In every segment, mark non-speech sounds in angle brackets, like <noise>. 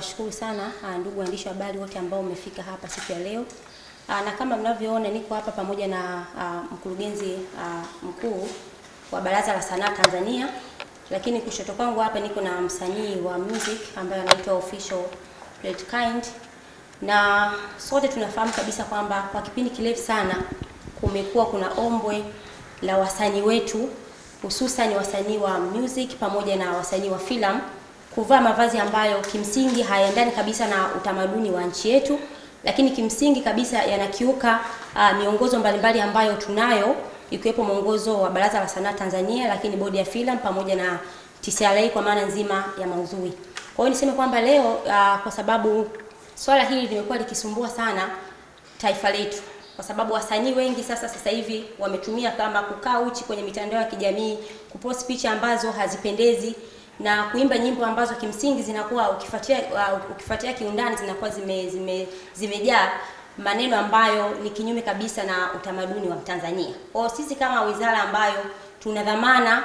kuwashukuru sana ah, ndugu waandishi wa habari wote ambao umefika hapa siku ya leo, ah, na kama mnavyoona niko hapa pamoja na ah, mkurugenzi mkuu wa Baraza la Sanaa Tanzania, lakini kushoto kwangu hapa niko na msanii wa music ambaye anaitwa Official Kind. na sote tunafahamu kabisa kwamba kwa kipindi kirefu sana kumekuwa kuna ombwe la wasanii wetu hususan wasanii wa music pamoja na wasanii wa filamu kuvaa mavazi ambayo kimsingi hayaendani kabisa na utamaduni wa nchi yetu, lakini kimsingi kabisa yanakiuka uh, miongozo mbalimbali ambayo tunayo ikiwepo mwongozo wa Baraza la Sanaa Tanzania, lakini bodi ya filamu pamoja na TCRA kwa maana nzima ya maudhui. Kwa hiyo niseme kwamba leo uh, kwa sababu swala hili limekuwa likisumbua sana taifa letu, kwa sababu wasanii wengi sasa sasa hivi wametumia kama kukaa uchi kwenye mitandao ya kijamii kupost picha ambazo hazipendezi na kuimba nyimbo ambazo kimsingi zinakuwa ukifuatia uh, ukifuatia kiundani zinakuwa zimejaa zime, zime maneno ambayo ni kinyume kabisa na utamaduni wa Tanzania. Kwa sisi kama wizara ambayo tuna dhamana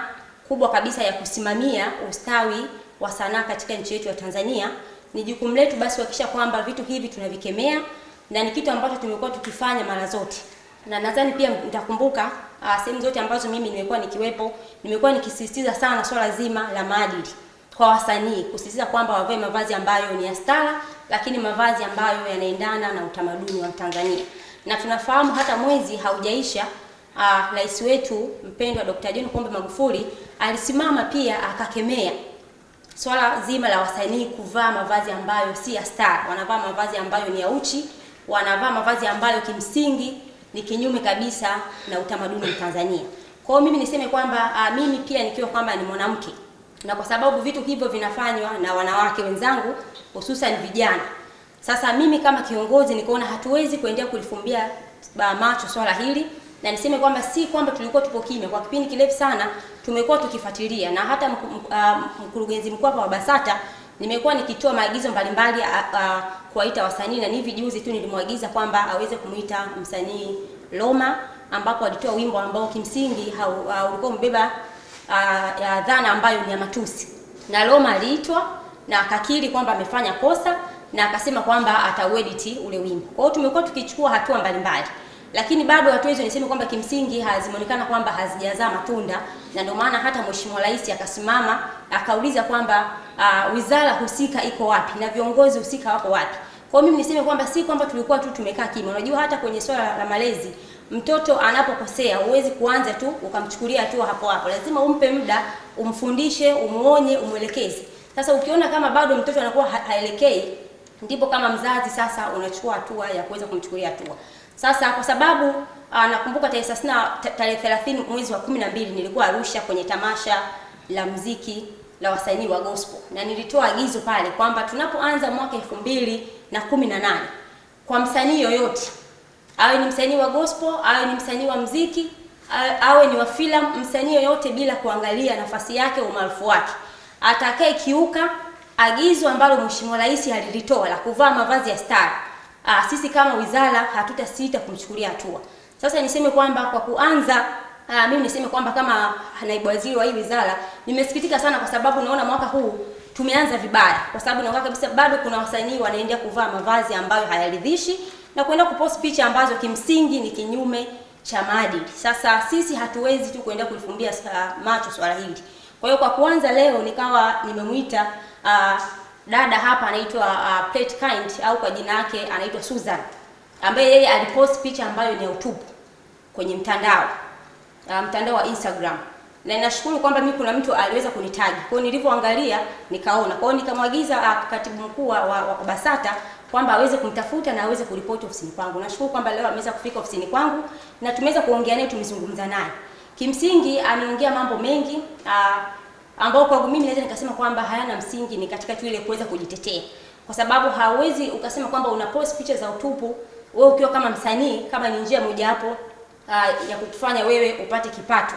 kubwa kabisa ya kusimamia ustawi wa sanaa katika nchi yetu ya Tanzania, ni jukumu letu basi kuhakikisha kwamba vitu hivi tunavikemea na ni kitu ambacho tumekuwa tukifanya mara zote, na nadhani pia mtakumbuka Ah, sehemu zote ambazo mimi nimekuwa nikiwepo, nimekuwa nikisisitiza sana swala zima la maadili kwa wasanii, kusisitiza kwamba wavae mavazi ambayo ni ya stara, lakini mavazi ambayo yanaendana na utamaduni wa Tanzania. Na tunafahamu hata mwezi haujaisha, ah, rais wetu mpendwa Dr. John Pombe Magufuli alisimama pia akakemea swala zima la wasanii kuvaa mavazi ambayo si ya wanavaa mavazi ambayo ni ya uchi, wanavaa mavazi ambayo kimsingi ni kinyume kabisa na utamaduni wa Tanzania. Kwa mimi niseme kwamba a, ah, mimi pia nikiwa kwamba ni mwanamke na kwa sababu vitu hivyo vinafanywa na wanawake wenzangu hususan vijana. Sasa mimi kama kiongozi nikaona hatuwezi kuendelea kulifumbia ah, macho swala hili, na niseme kwamba si kwamba tulikuwa tupo kimya. Kwa kipindi kirefu sana tumekuwa tukifuatilia, na hata ah, mkurugenzi mkuu wa BASATA Nimekuwa nikitoa maagizo mbalimbali kuwaita wasanii na hivi juzi tu nilimwagiza kwamba aweze kumuita msanii Roma ambapo alitoa wimbo ambao kimsingi ulikuwa umebeba dhana ambayo ni ya matusi, na Roma aliitwa na akakiri kwamba amefanya kosa na akasema kwamba atauediti ule wimbo. Kwa hiyo tumekuwa tukichukua hatua mbalimbali lakini bado hatua hizo niseme kwamba kimsingi hazimeonekana kwamba hazijazaa matunda, na ndio maana hata Mheshimiwa Rais akasimama akauliza kwamba uh, wizara husika iko wapi na viongozi husika wako wapi. Kwa hiyo mimi niseme kwamba si kwamba tulikuwa tu tumekaa kimya. Unajua hata kwenye swala la malezi mtoto anapokosea huwezi kuanza tu ukamchukulia hatua hapo hapo, lazima umpe muda, umfundishe, umuonye, umwelekeze. Sasa ukiona kama bado mtoto anakuwa haelekei, ndipo kama mzazi sasa unachukua hatua ya kuweza kumchukulia hatua. Sasa kwa sababu uh, nakumbuka tarehe 30 mwezi wa 12 nilikuwa Arusha kwenye tamasha la muziki la wasanii wa gospel na nilitoa agizo pale kwamba tunapoanza mwaka elfu mbili na kumi na nane kwa msanii yoyote awe ni msanii wa gospel awe ni msanii wa mziki awe ni wa filamu, msanii yoyote bila kuangalia nafasi yake, umaarufu wake, atakaye kiuka agizo ambalo Mheshimiwa Rais alilitoa la kuvaa mavazi ya stara ah, sisi kama wizara hatutasita kumchukulia hatua. Sasa niseme kwamba kwa kuanza ah, mimi niseme kwamba kama naibu waziri wa hii wizara nimesikitika sana, kwa sababu naona mwaka huu tumeanza vibaya, kwa sababu naona kabisa bado kuna wasanii wanaendelea kuvaa mavazi ambayo hayaridhishi na kuenda kupost picha ambazo kimsingi ni kinyume cha maadili. Sasa sisi hatuwezi tu kuenda kulifumbia ah, macho swala hili. Kwa hiyo kwa kuanza leo nikawa nimemuita ah, dada hapa anaitwa uh, Plate Kind au kwa jina yake anaitwa Susan, ambaye yeye alipost picha ambayo ni ya utupu kwenye mtandao uh, mtandao wa Instagram, na ninashukuru kwamba mimi kuna mtu aliweza kunitag. Kwa hiyo nilipoangalia nikaona, kwa hiyo nikamwagiza uh, katibu mkuu wa, wa Basata kwamba aweze kumtafuta na aweze kuripoti ofisini kwangu. Nashukuru kwamba leo ameweza kufika ofisini kwangu na tumeweza kuongea naye, tumezungumza naye. Kimsingi ameongea mambo mengi uh, ambao kwangu mimi naweza nikasema kwamba hayana msingi, ni katika tu ile kuweza kujitetea, kwa sababu hauwezi ukasema kwamba una post picha za utupu wewe ukiwa kama msanii, kama ni njia moja hapo uh, ah, ya kutufanya wewe upate kipato,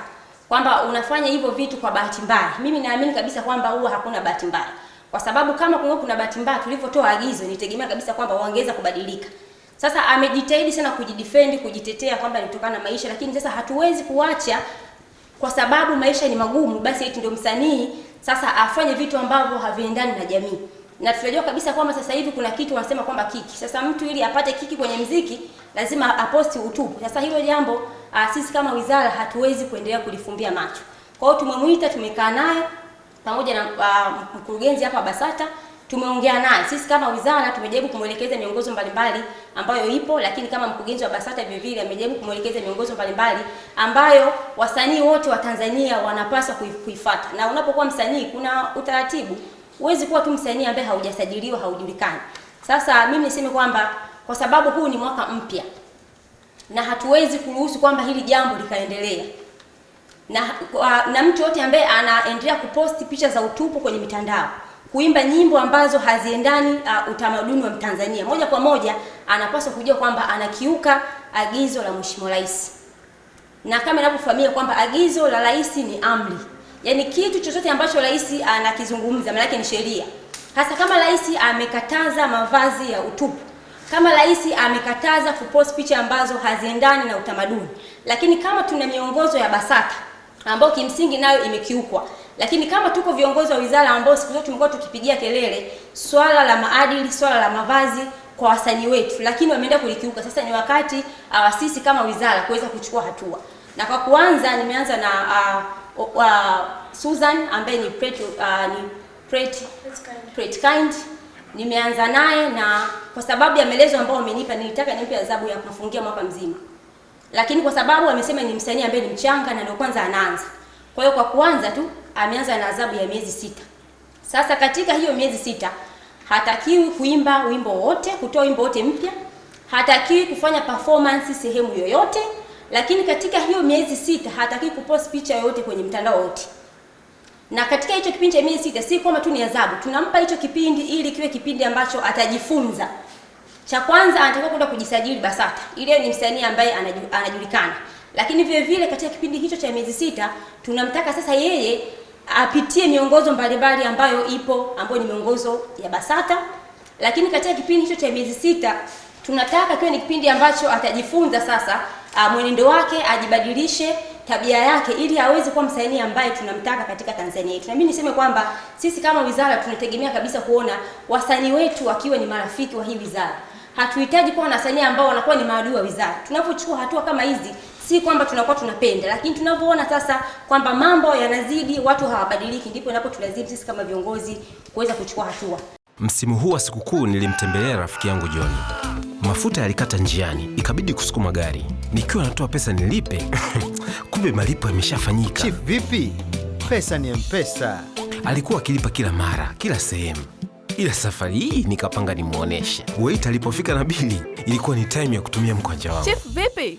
kwamba unafanya hivyo vitu kwa bahati mbaya. Mimi naamini kabisa kwamba huwa hakuna bahati mbaya, kwa sababu kama kungekuwa kuna bahati mbaya, tulivyotoa agizo, nitegemea kabisa kwamba wangeweza kubadilika. Sasa amejitahidi sana kujidefend, kujitetea kwamba nitokana na maisha, lakini sasa hatuwezi kuacha kwa sababu maisha ni magumu, basi eti ndio msanii sasa afanye vitu ambavyo haviendani na jamii. Na tunajua kabisa kwamba sasa hivi kuna kitu wanasema kwamba kiki. Sasa mtu ili apate kiki kwenye mziki lazima aposti utupu. Sasa hilo jambo ah, sisi kama wizara hatuwezi kuendelea kulifumbia macho. Kwa hiyo tumemwita, tumekaa naye pamoja na ah, mkurugenzi hapa BASATA tumeongea naye. Sisi kama wizara tumejaribu kumwelekeza miongozo mbalimbali ambayo ipo, lakini kama mkurugenzi wa BASATA vile vile amejaribu kumwelekeza miongozo mbalimbali ambayo wasanii wote wa Tanzania wanapaswa kuifuata. Na unapokuwa msanii kuna utaratibu, huwezi kuwa tu msanii ambaye haujasajiliwa, haujulikani. Sasa mimi niseme kwamba kwa sababu huu ni mwaka mpya na hatuwezi kuruhusu kwamba hili jambo likaendelea na, na mtu yote ambaye anaendelea kuposti picha za utupu kwenye mitandao kuimba nyimbo ambazo haziendani uh, utamaduni wa Mtanzania, moja kwa moja anapaswa kujua kwamba anakiuka agizo la Mheshimiwa Rais, na kama inavyofahamia kwamba agizo la rais ni amri, yaani kitu chochote ambacho rais anakizungumza maana yake ni sheria. Hasa kama rais amekataza mavazi ya utupu, kama rais amekataza kupost picha ambazo haziendani na utamaduni, lakini kama tuna miongozo ya BASATA ambayo kimsingi nayo imekiukwa lakini kama tuko viongozi wa wizara ambao siku zote tumekuwa tukipigia kelele swala la maadili, swala la mavazi kwa wasanii wetu, lakini wameenda kulikiuka. Sasa ni wakati uh, sisi kama wizara kuweza kuchukua hatua, na kwa kuanza nimeanza na uh, uh, Susan ambaye ni pretty, uh, ni pretty, pretty Kind nimeanza naye, na kwa sababu ya maelezo ambayo amenipa, nilitaka nimpe adhabu ya kufungia mwaka mzima, lakini kwa sababu amesema ni msanii ambaye ni mchanga na ndio kwanza anaanza, kwa hiyo kwa kuanza tu ameanza na adhabu ya miezi sita. Sasa katika hiyo miezi sita hatakiwi kuimba wimbo wote, kutoa wimbo wote mpya, hatakiwi kufanya performance sehemu yoyote, lakini katika hiyo miezi sita hatakiwi kupost picha yoyote kwenye mtandao wote. Na katika hicho kipindi cha miezi sita, si kwamba tu ni adhabu, tunampa hicho kipindi ili kiwe kipindi ambacho atajifunza. Cha kwanza anatakiwa kwenda kujisajili BASATA, ile ni msanii ambaye anajulikana, lakini vile vile katika kipindi hicho cha miezi sita tunamtaka sasa yeye apitie miongozo mbalimbali ambayo ipo ambayo ni miongozo ya BASATA. Lakini katika kipindi hicho cha miezi sita tunataka kiwe ni kipindi ambacho atajifunza sasa mwenendo wake, ajibadilishe tabia yake ili aweze kuwa msanii ambaye tunamtaka katika Tanzania yetu. Na mimi niseme kwamba sisi kama wizara tunategemea kabisa kuona wasanii wetu wakiwa ni marafiki wa hii wizara. Hatuhitaji kuwa na wasanii ambao wanakuwa ni maadui wa wizara. Tunapochukua hatua kama hizi si kwamba tunakuwa tunapenda, lakini tunavyoona sasa kwamba mambo yanazidi, watu hawabadiliki, ndipo inapo tulazimu sisi kama viongozi kuweza kuchukua hatua. Msimu huu wa sikukuu nilimtembelea rafiki yangu Joni, mafuta yalikata njiani, ikabidi kusukuma gari. Nikiwa natoa pesa nilipe, <laughs> kumbe malipo yameshafanyika. Chief, vipi? Pesa ni mpesa. Alikuwa akilipa kila mara, kila sehemu, ila safari hii nikapanga nimwoneshe. Wait alipofika na bili, ilikuwa ni taimu ya kutumia mkwanja wangu. Chief, vipi?